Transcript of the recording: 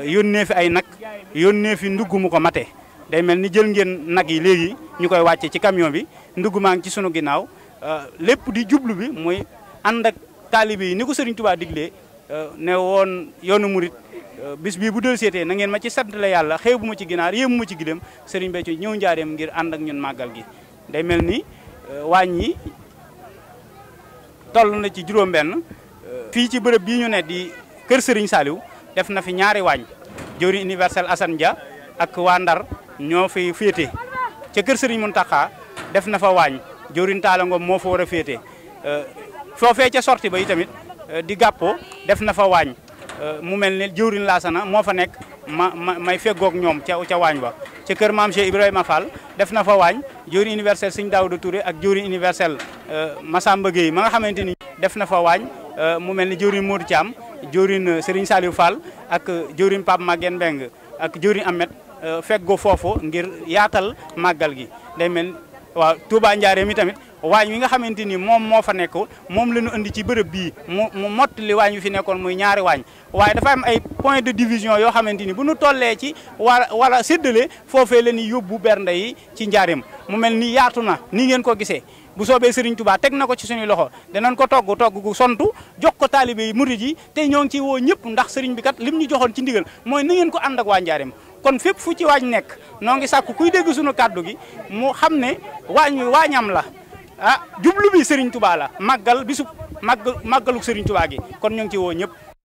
yónnee fi ay nag yónnee fi ndugg mu ko mate day mel ni jël ngeen nag yi léegi ñu koy wàcce ci camion bi ndugg maa ngi ci sunu ginnaaw euh, lépp di jublu bi mooy ànd ak taalibe ni ko Serigne Touba diglee euh, ne woon yoonu murit euh, bis bii bu del seetee na ngeen ma ci sant la yàlla xew bu ma ci ginaar yéemu ma ci gilem Serigne Béthio ñëw njaareem ngir ànd ak ñun màggal gi day mel ni waañ yi toll na ci juróom benn fii ci bërëb bii ñu ne di kër sëriñ saaliw def na fi ñaari waañ jëwriñ universel Assane Dia ak waa Ndar ñoo fi féete ca kër mun Mountakha def na fa waañ jëwriñ Talla ngoom moo fa war a féete euh, foofee ca sorti ba itamit euh, di gàppo def na fa waañ euh, mu mel ne jëwriñ Laasana moo fa nekk ma ma may feggoog ñoom ca ca waañ ba ca kër maam Cheikh Ibrahima Fall def na fa waañ jëwriñ universel Serigne Daouda Touré ak jëwriñ universel Massamba Gueye ma nga xamante ni def na fa waañ mu mel ni ne jëwriñ Modou Thiam jëwriñ euh, Serigne Saliou Fall ak euh, jëwriñ Pape Maguette Mbengue ak jëwriñ Ahmed euh, feggoo foofu ngir yaatal màggal gi day mel waaw Touba Ndiarème mi tamit waañ wi nga xamante ni moom moo fa nekk moom la ñu indi ci bërëb bii mu mu li waañ wi fi nekkoon muy ñaari waañ waaye dafa am ay point de division yoo xamante ni bu ñu tollee ci war wala séddale foofee la ñuy yóbbu bernde ci njaarim mu mel ni yaatu ni ngeen ko gisee bu soobee Serigne tubaa teg na ko ci suñuy loxo danañ ko togg togg gu sontu jox ko taalibe yi murid yi te ñoo ngi ciy woo ñëpp ndax Serigne bi kat lim ñu joxoon ci ndigal mooy na ngeen ko ànd ak waa kon fépp fu ci waañ nekk noo ngi sàkku kuy dégg suñu kàddu gi moo xam ne waañ wi waañam la ah jublu sëriñ tubaa Touba la màggal bisu màgg màggalu Serigne Touba gi kon ñoo ngi ciy woo ñëpp